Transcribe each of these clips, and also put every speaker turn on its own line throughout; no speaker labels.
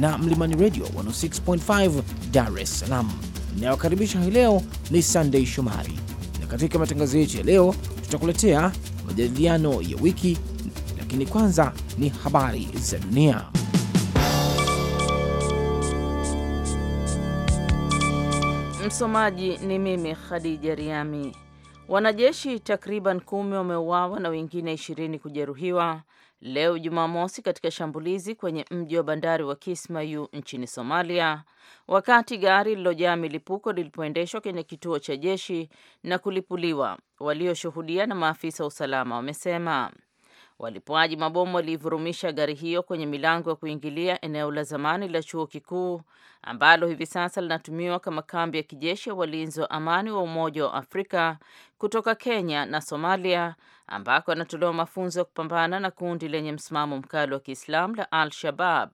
na Mlimani Radio 106.5 Dar es Salaam. Inayokaribisha hii leo ni Sunday Shomari, na katika matangazo yetu ya leo tutakuletea majadiliano ya wiki, lakini kwanza ni habari za dunia.
Msomaji ni mimi Khadija Riami. Wanajeshi takriban kumi wameuawa na wengine ishirini kujeruhiwa leo Jumamosi katika shambulizi kwenye mji wa bandari wa Kismayu nchini Somalia, wakati gari lililojaa milipuko lilipoendeshwa kwenye kituo cha jeshi na kulipuliwa. Walioshuhudia na maafisa wa usalama wamesema walipuaji mabomu waliivurumisha gari hiyo kwenye milango ya kuingilia eneo la zamani la chuo kikuu ambalo hivi sasa linatumiwa kama kambi ya kijeshi ya walinzi wa amani wa Umoja wa Afrika kutoka Kenya na Somalia ambako anatolewa mafunzo ya kupambana na kundi lenye msimamo mkali wa Kiislamu la Al-Shabab,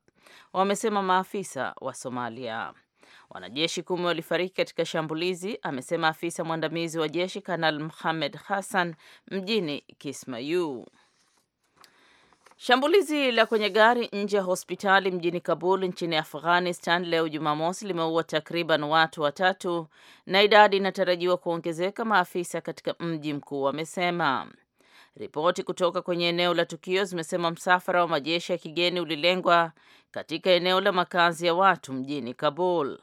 wamesema maafisa wa Somalia. Wanajeshi kumi walifariki katika shambulizi, amesema afisa mwandamizi wa jeshi Kanal muhamed Hassan mjini Kismayu. Shambulizi la kwenye gari nje ya hospitali mjini Kabul nchini Afghanistan leo Jumamosi limeua takriban watu watatu na idadi inatarajiwa kuongezeka, maafisa katika mji mkuu wamesema. Ripoti kutoka kwenye eneo la tukio zimesema msafara wa majeshi ya kigeni ulilengwa katika eneo la makazi ya watu mjini Kabul.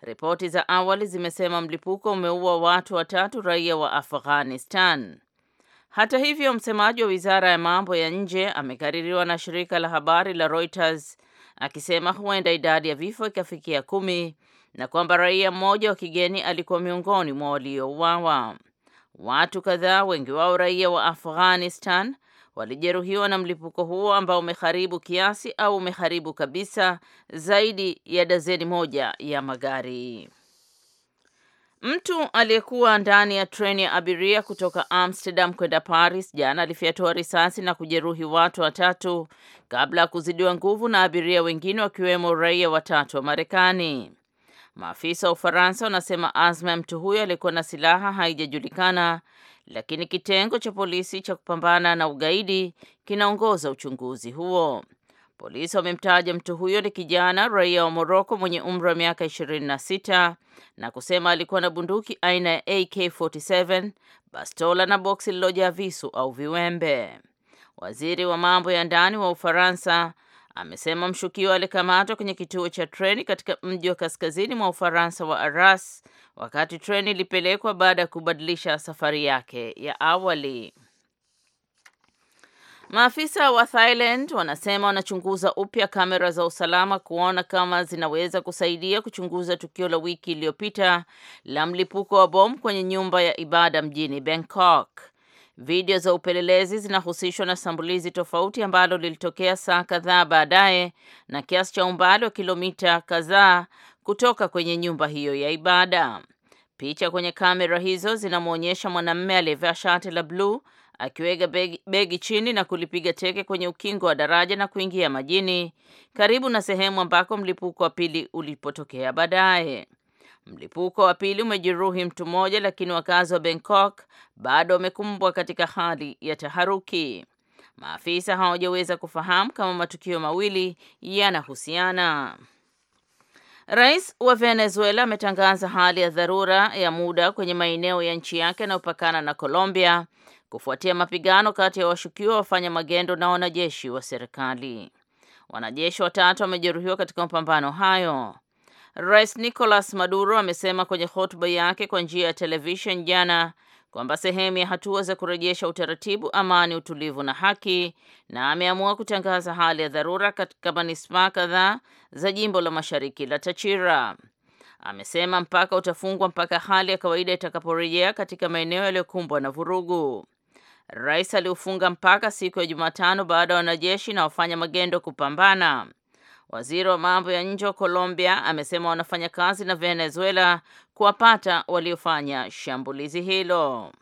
Ripoti za awali zimesema mlipuko umeua watu watatu raia wa Afghanistan. Hata hivyo, msemaji wa Wizara ya Mambo ya Nje amekaririwa na shirika la habari la Reuters akisema huenda idadi ya vifo ikafikia kumi na kwamba raia mmoja wa kigeni alikuwa miongoni mwa waliouawa. Watu kadhaa, wengi wao raia wa Afghanistan, walijeruhiwa na mlipuko huo ambao umeharibu kiasi au umeharibu kabisa zaidi ya dazeni moja ya magari. Mtu aliyekuwa ndani ya treni ya abiria kutoka Amsterdam kwenda Paris jana alifyatua risasi na kujeruhi watu watatu kabla ya kuzidiwa nguvu na abiria wengine wakiwemo raia watatu wa Marekani. Maafisa wa Ufaransa wanasema azma ya mtu huyo alikuwa na silaha haijajulikana, lakini kitengo cha polisi cha kupambana na ugaidi kinaongoza uchunguzi huo. Polisi wamemtaja mtu huyo ni kijana raia wa Moroko mwenye umri wa miaka 26 na kusema alikuwa na bunduki aina ya AK47, bastola na boksi lililojaa visu au viwembe. Waziri wa mambo ya ndani wa Ufaransa amesema mshukiwa alikamatwa kwenye kituo cha treni katika mji wa kaskazini mwa Ufaransa wa Arras wakati treni ilipelekwa baada ya kubadilisha safari yake ya awali. Maafisa wa Thailand wanasema wanachunguza upya kamera za usalama kuona kama zinaweza kusaidia kuchunguza tukio la wiki iliyopita la mlipuko wa bomu kwenye nyumba ya ibada mjini Bangkok. Video za upelelezi zinahusishwa na sambulizi tofauti ambalo lilitokea saa kadhaa baadaye na kiasi cha umbali wa kilomita kadhaa kutoka kwenye nyumba hiyo ya ibada. Picha kwenye kamera hizo zinamwonyesha mwanamume aliyevaa shati la bluu akiweka begi, begi chini na kulipiga teke kwenye ukingo wa daraja na kuingia majini karibu na sehemu ambako mlipuko wa pili ulipotokea baadaye. Mlipuko wa pili umejeruhi mtu mmoja, lakini wakazi wa Bangkok bado wamekumbwa katika hali ya taharuki. Maafisa hawajaweza kufahamu kama matukio mawili yanahusiana. Rais wa Venezuela ametangaza hali ya dharura ya muda kwenye maeneo ya nchi yake yanayopakana na Colombia kufuatia mapigano kati ya washukiwa wafanya magendo na wanajeshi wa serikali. Wanajeshi watatu wamejeruhiwa katika mapambano hayo. Rais Nicolas Maduro amesema kwenye hotuba yake kwa njia ya televishen jana kwamba sehemu ya hatua za kurejesha utaratibu, amani, utulivu na haki, na ameamua kutangaza hali ya dharura katika manispaa kadhaa za jimbo la mashariki la Tachira. Amesema mpaka utafungwa mpaka hali ya kawaida itakaporejea katika maeneo yaliyokumbwa na vurugu. Rais aliufunga mpaka siku ya Jumatano baada ya wanajeshi na wafanya magendo kupambana. Waziri wa mambo ya nje wa Colombia amesema wanafanya kazi na Venezuela kuwapata waliofanya shambulizi hilo.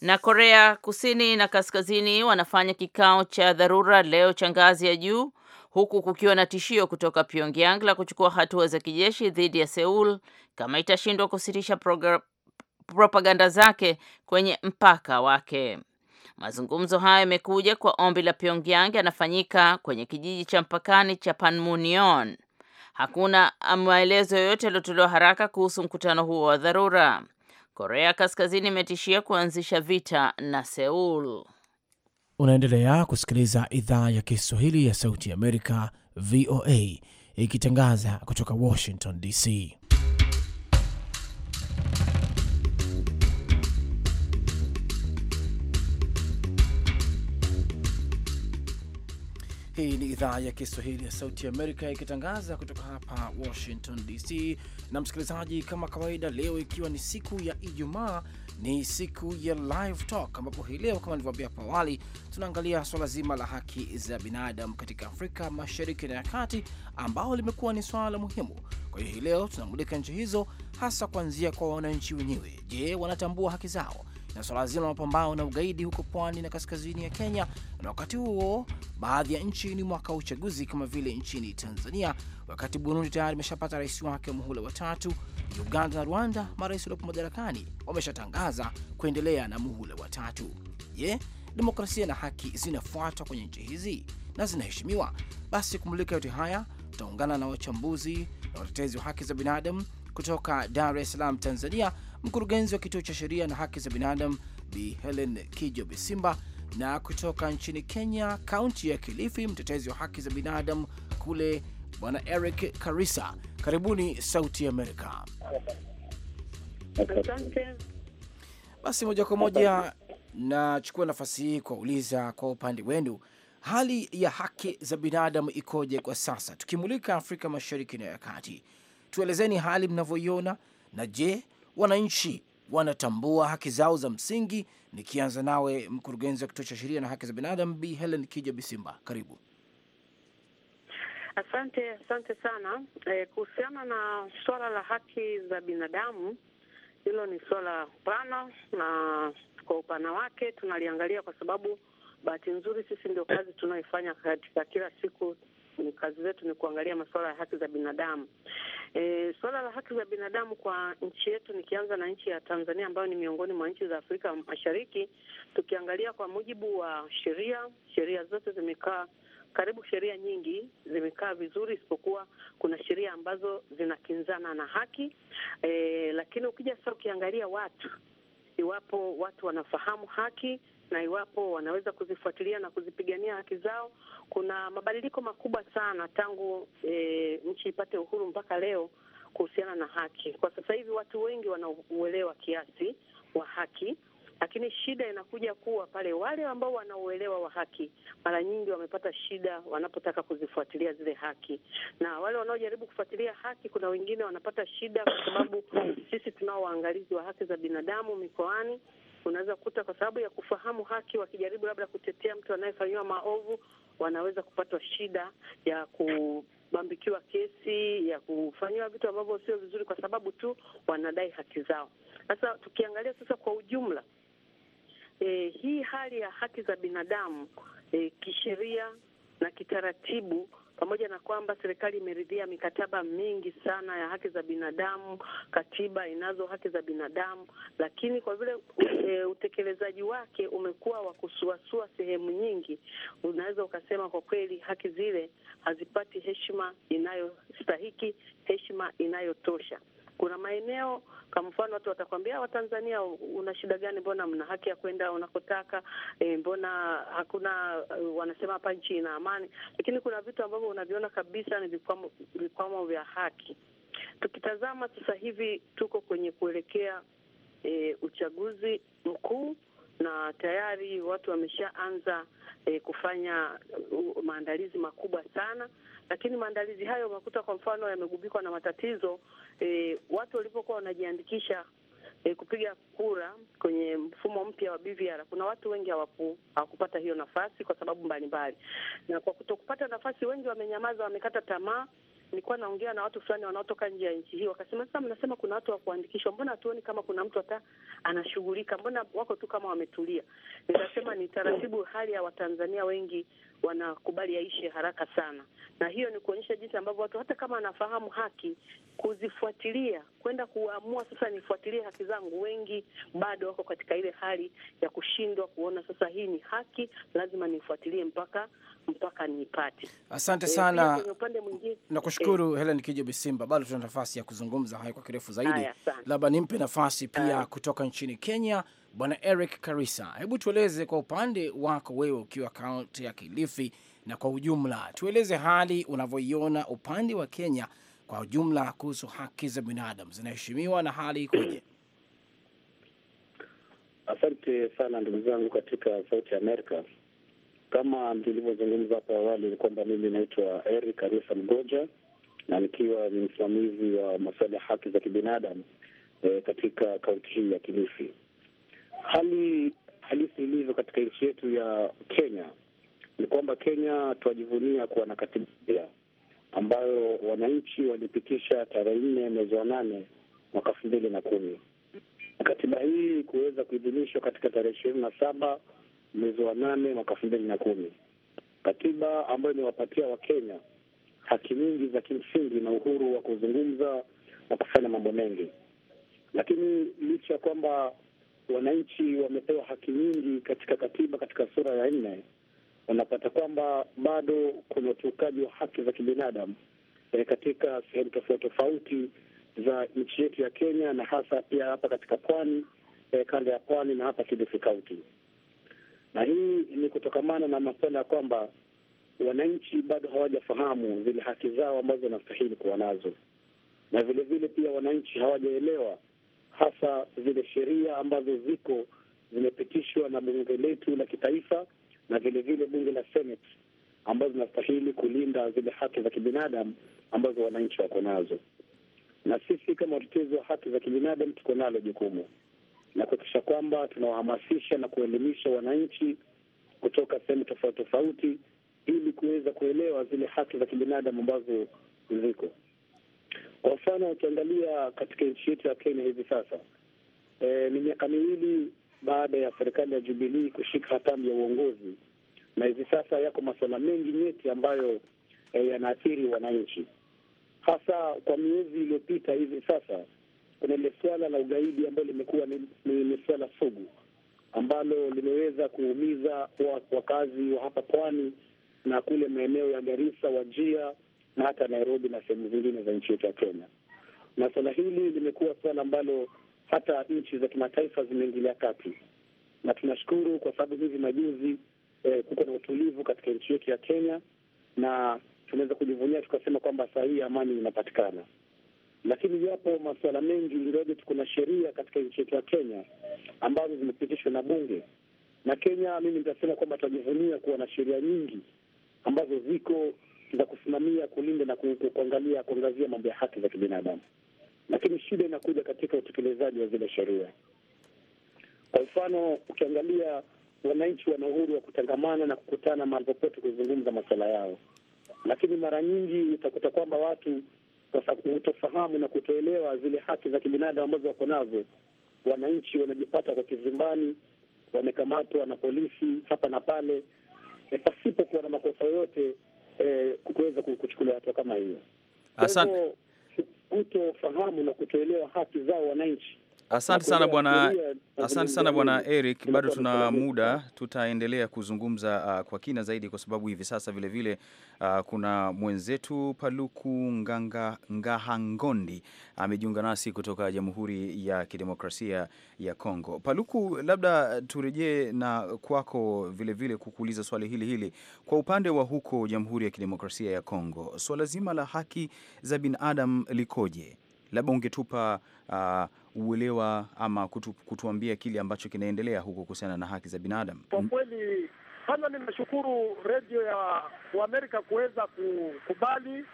Na Korea Kusini na Kaskazini wanafanya kikao cha dharura leo cha ngazi ya juu huku kukiwa na tishio kutoka Pyongyang la kuchukua hatua za kijeshi dhidi ya Seoul kama itashindwa kusitisha propaganda zake kwenye mpaka wake. Mazungumzo hayo yamekuja kwa ombi la Pyongyang yanafanyika kwenye kijiji cha mpakani cha panmunion Hakuna maelezo yoyote yaliyotolewa haraka kuhusu mkutano huo wa dharura. Korea Kaskazini imetishia kuanzisha vita na Seul.
Unaendelea kusikiliza idhaa ya Kiswahili ya Sauti ya Amerika, VOA, ikitangaza kutoka Washington DC. Hii ni idhaa ya Kiswahili ya Sauti ya Amerika ikitangaza kutoka hapa Washington DC. Na msikilizaji, kama kawaida, leo ikiwa ni siku ya Ijumaa, ni siku ya Live Talk, ambapo hii leo kama nilivyoambia hapo awali, tunaangalia swala zima la haki za binadamu katika Afrika Mashariki na ya Kati, ambao limekuwa ni swala muhimu. Kwa hiyo hii leo tunamulika nchi hizo, hasa kuanzia kwa wananchi wenyewe. Je, wanatambua haki zao na swala zima la mapambano na ugaidi huko pwani na kaskazini ya Kenya, na wakati huo baadhi ya nchi ni mwaka wa uchaguzi kama vile nchini Tanzania, wakati Burundi tayari imeshapata rais wake wa muhula watatu. Uganda na Rwanda, marais waliopo madarakani, wameshatangaza kuendelea na muhula watatu. Je, demokrasia na haki zinafuatwa kwenye nchi hizi na zinaheshimiwa? Basi kumulika yote haya, tutaungana na wachambuzi na watetezi wa haki za binadamu kutoka Dar es Salaam, Tanzania, mkurugenzi wa kituo cha sheria na haki za binadamu Bi Helen Kijo Bisimba na kutoka nchini Kenya, kaunti ya Kilifi, mtetezi wa haki za binadamu kule, bwana Eric Karisa, karibuni Sauti Amerika. Basi moja kwa moja nachukua nafasi hii kuwauliza kwa upande wenu hali ya haki za binadamu ikoje kwa sasa, tukimulika Afrika Mashariki na ya Kati? Tuelezeni hali mnavyoiona, na je, wananchi wanatambua haki zao za msingi. Nikianza nawe mkurugenzi wa kituo cha sheria na haki za binadamu Bi Helen Kija Bisimba, karibu.
Asante, asante sana. Eh, kuhusiana na suala la haki za binadamu, hilo ni suala pana, na kwa upana wake tunaliangalia kwa sababu bahati nzuri sisi ndio kazi tunaoifanya katika kila siku kwenye kazi zetu ni kuangalia masuala ya haki za binadamu. E, suala la haki za binadamu kwa nchi yetu, nikianza na nchi ya Tanzania ambayo ni miongoni mwa nchi za Afrika Mashariki, tukiangalia kwa mujibu wa sheria, sheria zote zimekaa karibu sheria nyingi zimekaa vizuri, isipokuwa kuna sheria ambazo zinakinzana na haki e, lakini ukija sasa ukiangalia watu, iwapo watu wanafahamu haki na iwapo wanaweza kuzifuatilia na kuzipigania haki zao. Kuna mabadiliko makubwa sana tangu e, nchi ipate uhuru mpaka leo kuhusiana na haki. Kwa sasa hivi watu wengi wanauelewa kiasi wa haki, lakini shida inakuja kuwa pale wale ambao wanauelewa wa haki mara nyingi wamepata shida wanapotaka kuzifuatilia zile haki, na wale wanaojaribu kufuatilia haki, kuna wengine wanapata shida, kwa sababu sisi tunao waangalizi wa haki za binadamu mikoani unaweza kukuta kwa sababu ya kufahamu haki, wakijaribu labda kutetea mtu anayefanyiwa maovu, wanaweza kupatwa shida ya kubambikiwa kesi, ya kufanyiwa vitu ambavyo sio vizuri, kwa sababu tu wanadai haki zao. Sasa tukiangalia sasa kwa ujumla e, hii hali ya haki za binadamu e, kisheria na kitaratibu pamoja na kwamba serikali imeridhia mikataba mingi sana ya haki za binadamu, katiba inazo haki za binadamu, lakini kwa vile e, utekelezaji wake umekuwa wa kusuasua sehemu nyingi, unaweza ukasema kwa kweli haki zile hazipati heshima inayostahiki, heshima inayotosha. Kuna maeneo kwa mfano watu watakwambia, Watanzania, ah, una shida gani? Mbona mna haki ya kwenda unakotaka e, mbona hakuna wanasema hapa nchi ina amani, lakini kuna vitu ambavyo unaviona kabisa ni vikwamo, vikwamo vya haki. Tukitazama sasa hivi tuko kwenye kuelekea e, uchaguzi mkuu na tayari watu wameshaanza e, kufanya uh, maandalizi makubwa sana, lakini maandalizi hayo unakuta kwa mfano yamegubikwa na matatizo e, watu walipokuwa wanajiandikisha e, kupiga kura kwenye mfumo mpya wa BVR, kuna watu wengi hawakupata hiyo nafasi kwa sababu mbalimbali, na kwa kutokupata nafasi wengi wamenyamaza, wamekata tamaa nilikuwa naongea na watu fulani wanaotoka nje ya nchi hii, wakasema sasa, mnasema kuna watu wa kuandikishwa, mbona hatuoni kama kuna mtu hata anashughulika? Mbona wako tu kama wametulia? Nikasema ni taratibu, hali ya Watanzania wengi wanakubali yaishe haraka sana, na hiyo ni kuonyesha jinsi ambavyo watu hata kama wanafahamu haki, kuzifuatilia kwenda kuamua sasa nifuatilie haki zangu, wengi bado wako katika ile hali ya kushindwa kuona sasa hii ni haki, lazima nifuatilie mpaka mpaka niipate. Asante eh, sana e, nakushukuru
e. Helen Kijo Bisimba, bado tuna nafasi ya kuzungumza hayo kwa kirefu zaidi, labda nimpe nafasi pia Aya. Eh. kutoka nchini Kenya Bwana Eric Karisa, hebu tueleze kwa upande wako wewe ukiwa kaunti ya Kilifi na kwa ujumla, tueleze hali unavyoiona upande wa Kenya kwa ujumla kuhusu haki za binadamu zinaheshimiwa na hali ikoje?
Asante sana ndugu zangu katika Sauti ya Amerika. Kama nilivyozungumza hapo awali, ni kwamba mimi naitwa Eric Karisa Mgoja na nikiwa ni msimamizi wa masuala ya haki za kibinadamu e, katika kaunti hii ya Kilifi. Hali halisi ilivyo katika nchi yetu ya Kenya ni kwamba Kenya tuwajivunia kuwa na katiba mpya ambayo wananchi walipitisha tarehe nne mwezi wa nane mwaka elfu mbili na kumi. Katiba hii kuweza kuidhinishwa katika tarehe ishirini na saba mwezi wa nane mwaka elfu mbili na kumi, katiba ambayo imewapatia Wakenya haki nyingi za kimsingi na uhuru wa kuzungumza na kufanya mambo mengi, lakini licha ya kwamba wananchi wamepewa haki nyingi katika katiba, katika sura ya nne, wanapata kwamba bado kuna ukiukaji wa haki za kibinadamu e, katika sehemu tofauti tofauti za nchi yetu ya Kenya na hasa pia hapa katika pwani e, kanda ya pwani na hapa Kilifi Kaunti, na hii ni kutokamana na masuala ya kwamba wananchi bado hawajafahamu zile haki zao ambazo wanastahili kuwa nazo, na vilevile pia wananchi hawajaelewa hasa zile sheria ambazo ziko zimepitishwa na bunge letu la kitaifa na vilevile bunge la Senate ambazo zinastahili kulinda zile haki za kibinadamu ambazo wananchi wako nazo, na sisi kama watetezi wa haki za kibinadamu tuko nalo jukumu na kuhakikisha kwamba tunawahamasisha na kuelimisha wananchi kutoka sehemu tofauti tofauti ili kuweza kuelewa zile haki za kibinadamu ambazo ziko kwa mfano, ukiangalia katika nchi yetu ya Kenya hivi sasa e, ni miaka miwili baada ya serikali ya Jubilii kushika hatamu ya uongozi, na hivi sasa yako masuala mengi nyeti ambayo e, yanaathiri wananchi, hasa kwa miezi iliyopita. Hivi sasa kuna ile suala la ugaidi ambayo limekuwa ni, ni, ni suala sugu ambalo limeweza kuumiza wakazi wa hapa pwani na kule maeneo ya Garissa, Wajia na hata Nairobi na sehemu zingine za nchi yetu ya Kenya. Na suala hili limekuwa suala ambalo hata nchi za kimataifa zimeingilia kati, na tunashukuru kwa sababu hivi majuzi eh, kuko na utulivu katika nchi yetu ya Kenya, na tunaweza kujivunia tukasema kwamba saa hii amani inapatikana. Lakini yapo masuala mengi, ingawaje tuko na sheria katika nchi yetu ya Kenya ambazo zimepitishwa na bunge na Kenya, mimi nitasema kwamba tutajivunia kuwa na sheria nyingi ambazo ziko za kusimamia, kulinda na kuangalia, kuangazia mambo ya haki za kibinadamu, lakini shida inakuja katika utekelezaji wa zile sheria. Kwa mfano, ukiangalia wananchi wana uhuru wa kutangamana na kukutana mahali popote kuzungumza masuala yao, lakini mara nyingi utakuta kwamba watu kutofahamu na kutoelewa zile haki za kibinadamu ambazo wako nazo, wananchi wanajipata kwa kizimbani, wamekamatwa na polisi hapa na pale, pasipo kuwa na makosa yoyote eh, kuweza kuchukulia hatua kama hiyo. Asante. Kutofahamu na kutoelewa haki zao wananchi
Asante sana bwana, asante sana bwana Eric, bado tuna muda, tutaendelea kuzungumza uh, kwa kina zaidi, kwa sababu hivi sasa vile vile uh, kuna mwenzetu Paluku Nganga Ngahangondi amejiunga nasi kutoka Jamhuri ya Kidemokrasia ya Kongo. Paluku, labda turejee na kwako vile vile kukuuliza swali hili hili kwa upande wa huko Jamhuri ya Kidemokrasia ya Kongo, swala so zima la haki za binadamu likoje? Labda ungetupa uh, uelewa ama kutu, kutuambia kile ambacho kinaendelea huko kuhusiana na haki za binadamu?
Kwa mm. kweli kwanza ninashukuru redio ya Uamerika kuweza kukubali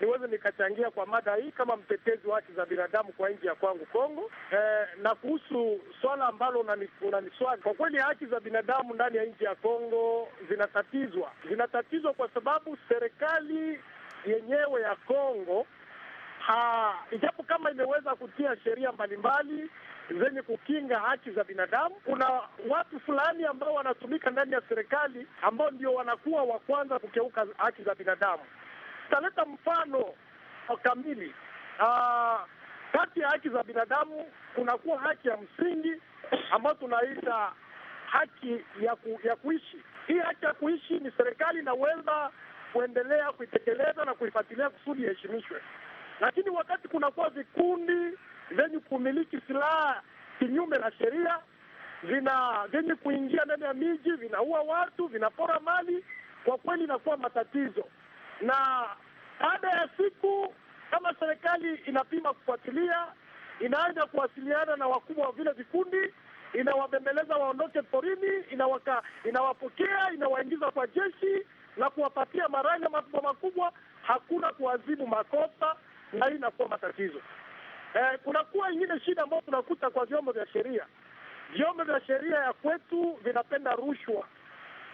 niweze nikachangia kwa mada hii kama mtetezi wa haki za binadamu kwa nchi ya kwangu Kongo. Eh, na kuhusu swala ambalo unaniswali, kwa kweli haki za binadamu ndani ya nchi ya Kongo zinatatizwa, zinatatizwa kwa sababu serikali yenyewe ya Kongo ijapo kama imeweza kutia sheria mbalimbali zenye kukinga haki za binadamu, kuna watu fulani ambao wanatumika ndani ya serikali ambao ndio wanakuwa wa kwanza kukeuka haki za binadamu. Tutaleta mfano kamili. kati ya haki za binadamu kunakuwa haki ya msingi ambayo tunaita haki ya, ku, ya kuishi. Hii haki ya kuishi ni serikali inaweza kuendelea kuitekeleza na kuifuatilia kusudi iheshimishwe. Lakini wakati kunakuwa vikundi vyenye kumiliki silaha kinyume na sheria vina vyenye kuingia ndani ya miji, vinaua watu, vinapora mali, kwa kweli inakuwa matatizo. Na baada ya siku, kama serikali inapima kufuatilia, inaanza kuwasiliana na wakubwa wa vile vikundi, inawabembeleza waondoke porini, inawaka, inawapokea, inawaingiza kwa jeshi na kuwapatia maraja makubwa makubwa. Hakuna kuadhibu makosa inakuwa matatizo. Eh, kunakuwa ingine shida ambayo tunakuta kwa vyombo vya sheria. Vyombo vya sheria ya kwetu vinapenda rushwa.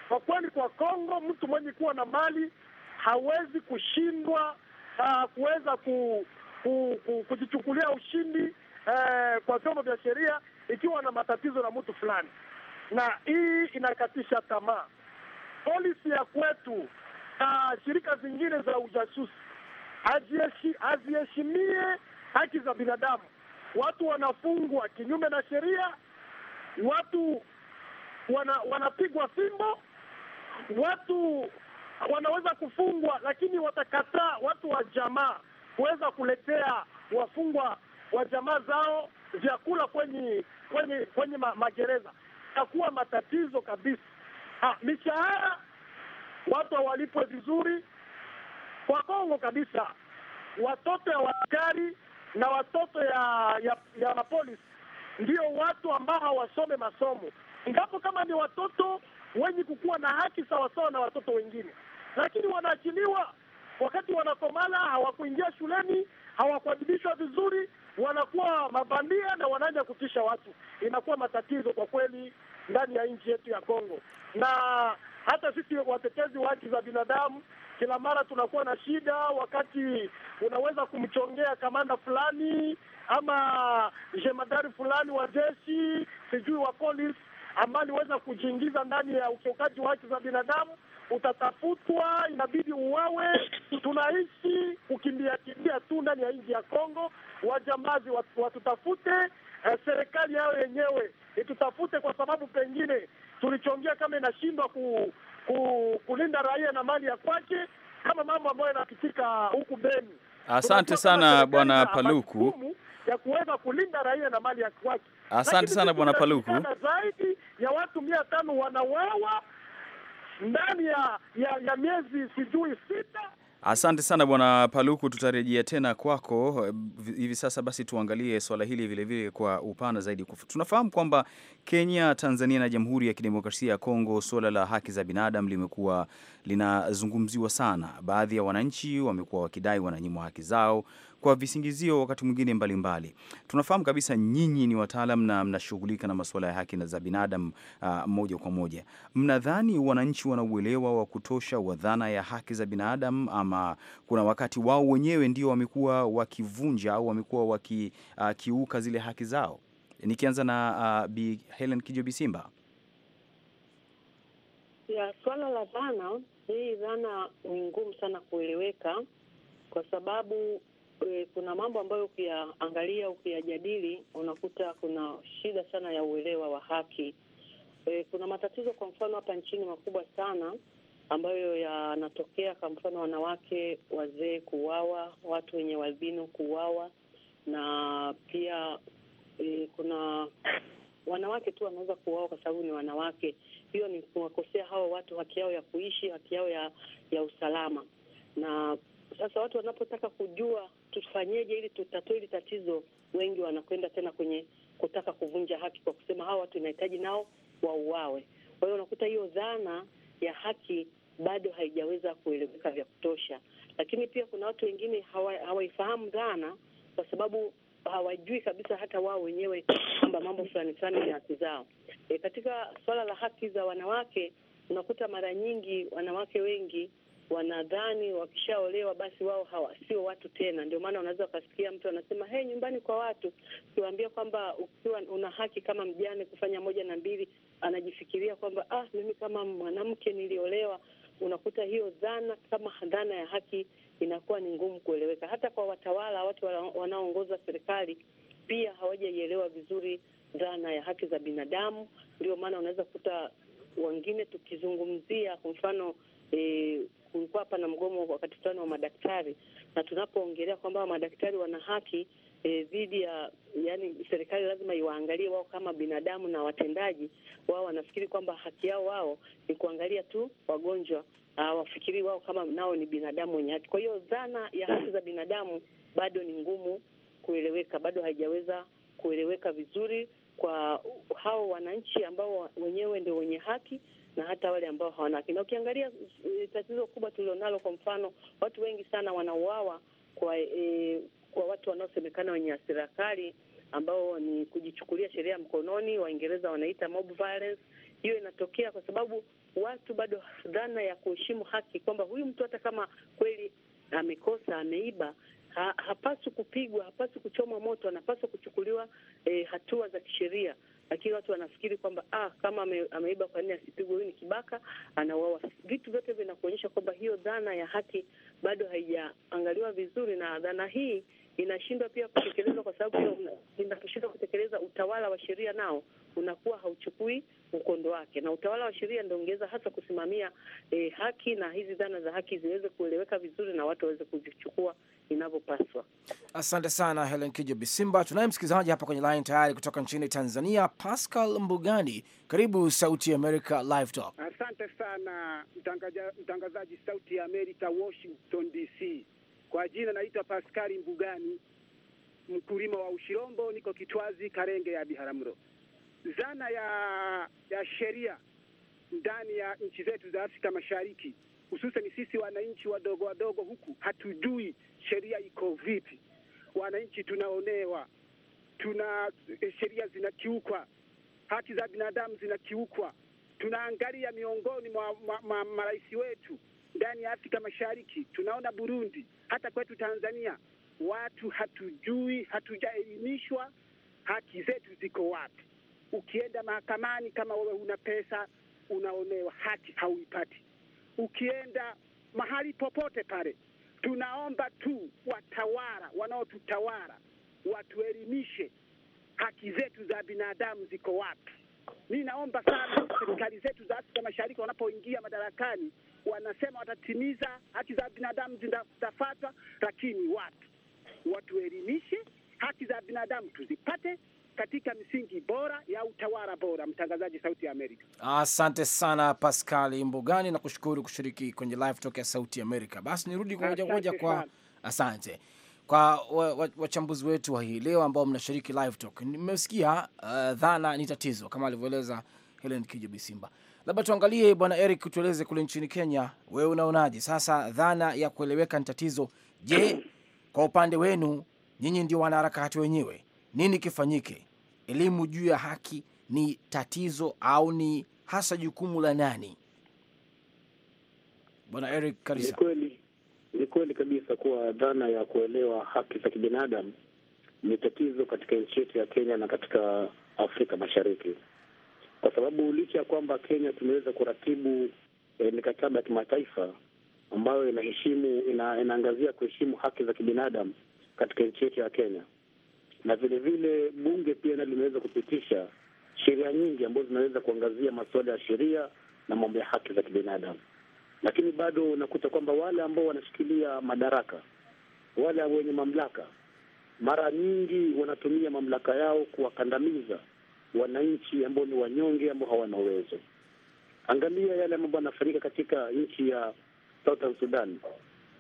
Kwa kweli, kwa Kongo mtu mwenye kuwa na mali hawezi kushindwa uh, kuweza ku, ku, ku, kujichukulia ushindi uh, kwa vyombo vya sheria ikiwa na matatizo na mtu fulani, na hii inakatisha tamaa. Polisi ya kwetu na uh, shirika zingine za ujasusi haziheshimie haki za binadamu. Watu wanafungwa kinyume na sheria, watu wana, wanapigwa fimbo, watu wanaweza kufungwa, lakini watakataa watu wa jamaa kuweza kuletea wafungwa wa jamaa zao vyakula kwenye kwenye kwenye magereza. Itakuwa matatizo kabisa. Ah, mishahara watu hawalipwe vizuri kwa Kongo kabisa, watoto ya waskari na watoto ya ya, ya mapolisi ndio watu ambao hawasome masomo, ingapo kama ni watoto wenye kukuwa na haki sawasawa na watoto wengine, lakini wanaachiliwa wakati wanakomala, hawakuingia shuleni, hawakuadibishwa vizuri, wanakuwa mabandia na wanaanza kutisha watu. Inakuwa matatizo kwa kweli ndani ya nchi yetu ya Kongo, na hata sisi watetezi wa haki za binadamu kila mara tunakuwa na shida, wakati unaweza kumchongea kamanda fulani ama jemadari fulani wa jeshi, sijui wa polisi, ambaye aliweza kujiingiza ndani ya ukiukaji wa haki za binadamu, utatafutwa, inabidi uwawe. Tunaishi kukimbia kimbia tu ndani ya nchi ya Kongo. Wajambazi watutafute, eh, serikali yao yenyewe itutafute, kwa sababu pengine tulichongea kama inashindwa ku kulinda raia na mali ya kwake, kama mambo ambayo yanapitika huku Beni. Asante sana bwana Paluku ya kuweza kulinda raia na mali ya kwake. Asante sana bwana Paluku. Zaidi ya watu mia tano wanawawa ndani ya, ya, ya miezi sijui sita
Asante sana bwana Paluku, tutarejea tena kwako hivi sasa. Basi tuangalie swala hili vilevile vile kwa upana zaidi. Tunafahamu kwamba Kenya, Tanzania na Jamhuri ya Kidemokrasia ya Kongo, suala la haki za binadamu limekuwa linazungumziwa sana. Baadhi ya wananchi wamekuwa wakidai wananyimwa haki zao kwa visingizio wakati mwingine mbalimbali. Tunafahamu kabisa nyinyi ni wataalam na mnashughulika na masuala ya haki za binadamu ah, moja kwa moja. Mnadhani wananchi wana uelewa wa kutosha wa dhana ya haki za binadamu, ama kuna wakati wao wenyewe ndio wamekuwa wakivunja au wamekuwa wakikiuka zile haki zao? Nikianza na uh, Bi Helen Kijobi Simba.
Ya, swala la dhana hii, dhana ni ngumu sana kueleweka kwa sababu e, kuna mambo ambayo ukiyaangalia, ukiyajadili, unakuta kuna shida sana ya uelewa wa haki. E, kuna matatizo kwa mfano hapa nchini makubwa sana ambayo yanatokea kwa mfano, wanawake wazee kuuawa, watu wenye ualbino kuuawa, na pia e, kuna wanawake tu wanaweza kuuawa kwa sababu ni wanawake. Hiyo ni kuwakosea hawa watu haki yao ya kuishi, haki yao ya, ya usalama. Na sasa watu wanapotaka kujua tufanyeje ili tutatue hili tatizo, wengi wanakwenda tena kwenye kutaka kuvunja haki kwa kusema hawa watu inahitaji nao wauawe. Kwa hiyo unakuta hiyo dhana ya haki bado haijaweza kueleweka vya kutosha, lakini pia kuna watu wengine hawaifahamu hawa dhana kwa sababu hawajui kabisa hata wao wenyewe kwamba mambo fulani fulani ni haki zao. E, katika suala la haki za wanawake unakuta mara nyingi wanawake wengi wanadhani wakishaolewa basi wao hawa sio watu tena. Ndio maana unaweza ukasikia mtu anasema hey, nyumbani kwa watu, ukiwaambia kwamba ukiwa una haki kama mjane kufanya moja na mbili, anajifikiria kwamba ah, mimi kama mwanamke niliolewa. Unakuta hiyo dhana kama dhana ya haki inakuwa ni ngumu kueleweka, hata kwa watawala, watu wanaoongoza serikali pia hawajaielewa vizuri dhana ya haki za binadamu. Ndio maana unaweza kukuta wengine tukizungumzia kwa mfano E, hapa na mgomo wakati fulani wa madaktari, na tunapoongelea kwamba madaktari wana haki e, dhidi e, ya yani, serikali lazima iwaangalie wao kama binadamu, na watendaji wao wanafikiri kwamba haki yao wao ni kuangalia tu wagonjwa, hawafikiri wao kama nao ni binadamu wenye haki. Kwa hiyo dhana ya haki za binadamu bado ni ngumu kueleweka, bado haijaweza kueleweka vizuri kwa hao wananchi ambao wenyewe ndio wenye haki na hata wale ambao hawana haki. Na ukiangalia eh, tatizo kubwa tulilonalo, kwa mfano, watu wengi sana wanauawa kwa e, kwa watu wanaosemekana wenye serikali ambao ni kujichukulia sheria mkononi, Waingereza wanaita mob violence. Hiyo inatokea kwa sababu watu bado dhana ya kuheshimu haki, kwamba huyu mtu hata kama kweli amekosa, ameiba ha, hapaswi kupigwa, hapaswi kuchomwa moto, anapaswa kuchukuliwa e, hatua za kisheria lakini watu wanafikiri kwamba ah, kama ame, ameiba kwa nini asipigwe? Huyu ni kibaka, anauawa. Vitu vyote vinakuonyesha kwamba hiyo dhana ya haki bado haijaangaliwa vizuri, na dhana hii inashindwa pia kutekelezwa kwa sababu inaposhindwa kutekeleza, utawala wa sheria nao unakuwa hauchukui mkondo wake, na utawala wa sheria ndio ungeweza hasa kusimamia e, haki na hizi dhana za haki ziweze kueleweka vizuri na watu waweze kuzichukua inavyopaswa.
Asante sana Helen Kijo Bisimba. Tunaye msikilizaji hapa kwenye line tayari kutoka nchini Tanzania, Pascal Mbugani, karibu Sauti ya America Live Talk. Asante sana mtangazaji
Sauti ya America Washington DC. Kwa jina naitwa Paskari Mbugani, mkulima wa Ushirombo, niko Kitwazi Karenge ya Biharamulo. Zana ya ya sheria ndani ya nchi zetu za Afrika Mashariki, hususani sisi wananchi wadogo wadogo huku hatujui sheria iko vipi. Wananchi tunaonewa, tuna eh, sheria zinakiukwa, haki za binadamu zinakiukwa. Tunaangalia miongoni mwa marais wetu ndani ya Afrika Mashariki, tunaona Burundi, hata kwetu Tanzania watu hatujui, hatujaelimishwa haki zetu ziko wapi. Ukienda mahakamani, kama wewe una pesa unaonewa, haki hauipati. Ukienda mahali popote pale, tunaomba tu watawala wanaotutawala watuelimishe haki zetu za binadamu ziko wapi. Mi naomba sana serikali zetu za Afrika Mashariki wanapoingia madarakani wanasema watatimiza haki za binadamu zitafatwa, lakini watu watuelimishe, haki za binadamu tuzipate katika misingi bora ya utawala bora. Mtangazaji Sauti ya Amerika,
asante sana Paskali Mbugani na kushukuru kushiriki kwenye live talk ya Sauti Amerika. Basi nirudi kwa moja moja kwa asante kwa wachambuzi wa, wa wetu wa hii leo ambao mnashiriki live talk. Nimesikia uh, dhana ni tatizo kama alivyoeleza Helen kijobisimba labda tuangalie bwana Eric, tueleze kule nchini Kenya, wewe unaonaje sasa dhana ya kueleweka ni tatizo? Je, kwa upande wenu nyinyi ndio wanaharakati wenyewe, nini kifanyike? Elimu juu ya haki ni tatizo au ni hasa jukumu la nani? Bwana Eric
Karisa. Ni kweli, ni kweli kabisa kuwa dhana ya kuelewa haki za kibinadamu ni tatizo katika nchi yetu ya Kenya na katika Afrika Mashariki kwa sababu licha ya kwamba Kenya tumeweza kuratibu eh, mikataba ya kimataifa ambayo inaheshimu ina, inaangazia kuheshimu haki za kibinadamu katika nchi yetu ya Kenya, na vile vile bunge pia nalo limeweza kupitisha sheria nyingi ambazo zinaweza kuangazia masuala ya sheria na mambo ya haki za kibinadamu, lakini bado unakuta kwamba wale ambao wanashikilia madaraka, wale wenye mamlaka, mara nyingi wanatumia mamlaka yao kuwakandamiza wananchi ambao ni wanyonge ambao hawana uwezo. Angalia yale ambayo yanafanyika katika nchi ya South Sudan.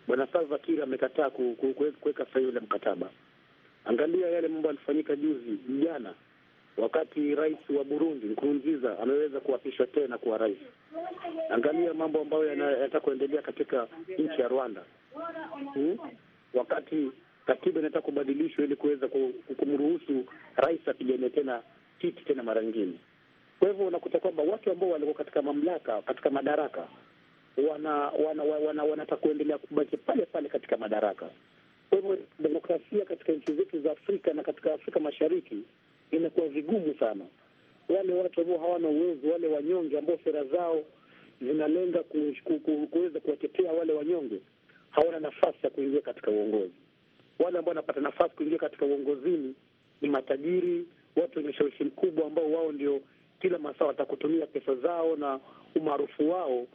Bwana Salva Kiir amekataa kuweka sahihi ule mkataba. Angalia yale mambo yalifanyika juzi jana, wakati rais wa Burundi Nkurunziza ameweza kuapishwa tena kuwa rais. Angalia mambo ambayo yanataka kuendelea katika nchi ya Rwanda hmm? wakati katiba inataka kubadilishwa ili kuweza kumruhusu rais apiganie tena kiti tena mara nyingine. Kwa hivyo unakuta kwamba watu ambao walikuwa katika mamlaka, katika madaraka wana wana, wana, wana kuendelea kubaki pale pale katika madaraka. Kwa hivyo demokrasia katika nchi zetu za Afrika na katika Afrika Mashariki imekuwa vigumu sana. Wale watu ambao hawana uwezo, wale wanyonge ambao sera zao zinalenga kuweza kuwatetea wale wanyonge, hawana nafasi ya kuingia katika uongozi. Wale ambao wanapata nafasi kuingia katika uongozini ni matajiri, watu wenye ushawishi mkubwa ambao wao ndio kila masaa watakutumia pesa zao na umaarufu wao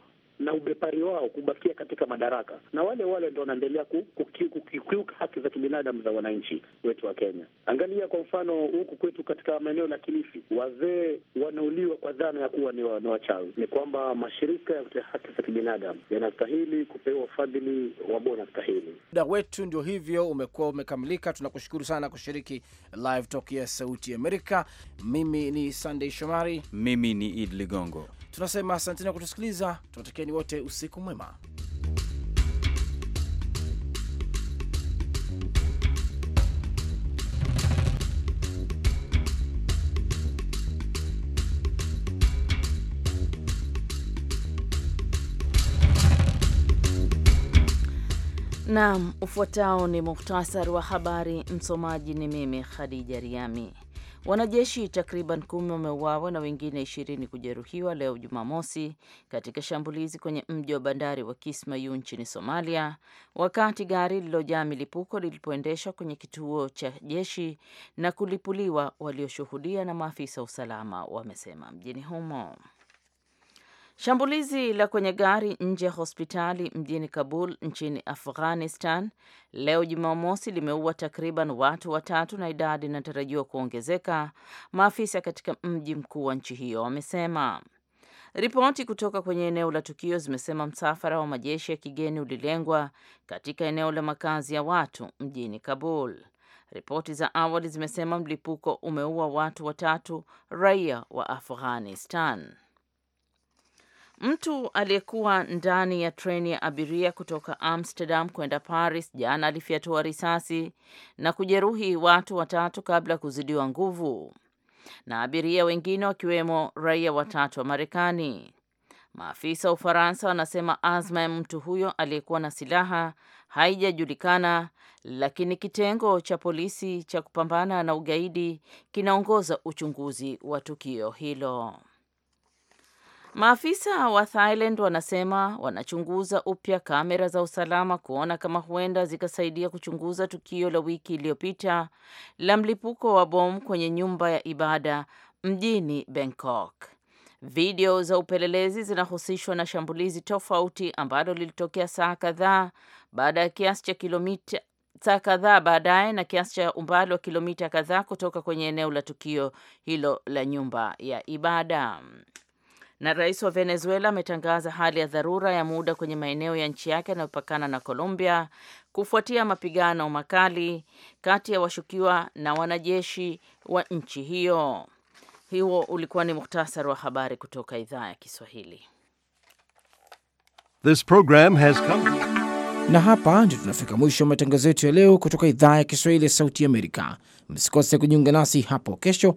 na ubepari wao kubakia katika madaraka, na wale wale ndo wanaendelea kukiuka haki za kibinadamu za wananchi wetu wa Kenya. Angalia kwa mfano huku kwetu katika maeneo la Kilifi, wazee wanauliwa kwa dhana ya kuwa ni wachawi. Ni kwamba mashirika ya kutetea haki za kibinadamu yanastahili kupewa ufadhili stahili Muda
wetu ndio hivyo umekuwa umekamilika. Tunakushukuru sana kushiriki live talk ya Sauti Amerika. Mimi ni sandey Shomari,
mimi ni Id Ligongo.
Tunasema asanteni kwa kutusikiliza, tunatakieni wote usiku mwema.
Naam, ufuatao ni muhtasari wa habari. Msomaji ni mimi Khadija Riami. Wanajeshi takriban kumi wameuawa na wengine ishirini kujeruhiwa leo Jumamosi katika shambulizi kwenye mji wa bandari wa Kismayu nchini Somalia, wakati gari lililojaa milipuko lilipoendeshwa kwenye kituo cha jeshi na kulipuliwa, walioshuhudia na maafisa usalama wamesema mjini humo. Shambulizi la kwenye gari nje ya hospitali mjini Kabul nchini Afghanistan leo Jumamosi limeua takriban watu watatu na idadi inatarajiwa kuongezeka, maafisa katika mji mkuu wa nchi hiyo wamesema. Ripoti kutoka kwenye eneo la tukio zimesema msafara wa majeshi ya kigeni ulilengwa katika eneo la makazi ya watu mjini Kabul. Ripoti za awali zimesema mlipuko umeua watu watatu, raia wa Afghanistan. Mtu aliyekuwa ndani ya treni ya abiria kutoka Amsterdam kwenda Paris jana alifyatua risasi na kujeruhi watu watatu kabla ya kuzidiwa nguvu na abiria wengine wakiwemo raia watatu wa Marekani. Maafisa wa Ufaransa wanasema azma ya mtu huyo aliyekuwa na silaha haijajulikana, lakini kitengo cha polisi cha kupambana na ugaidi kinaongoza uchunguzi wa tukio hilo. Maafisa wa Thailand wanasema wanachunguza upya kamera za usalama kuona kama huenda zikasaidia kuchunguza tukio la wiki iliyopita la mlipuko wa bomu kwenye nyumba ya ibada mjini Bangkok. Video za upelelezi zinahusishwa na shambulizi tofauti ambalo lilitokea saa kadhaa baada ya kiasi cha kilomita saa kadhaa baadaye na kiasi cha umbali wa kilomita kadhaa kutoka kwenye eneo la tukio hilo la nyumba ya ibada na rais wa Venezuela ametangaza hali ya dharura ya muda kwenye maeneo ya nchi yake yanayopakana na Colombia kufuatia mapigano makali kati ya washukiwa na wanajeshi wa nchi hiyo. Hiyo ulikuwa ni muhtasari wa habari kutoka idhaa ya Kiswahili.
This program has come. Na hapa ndio tunafika mwisho wa matangazo yetu ya leo kutoka idhaa ya Kiswahili ya Sauti Amerika. Msikose kujiunga nasi hapo kesho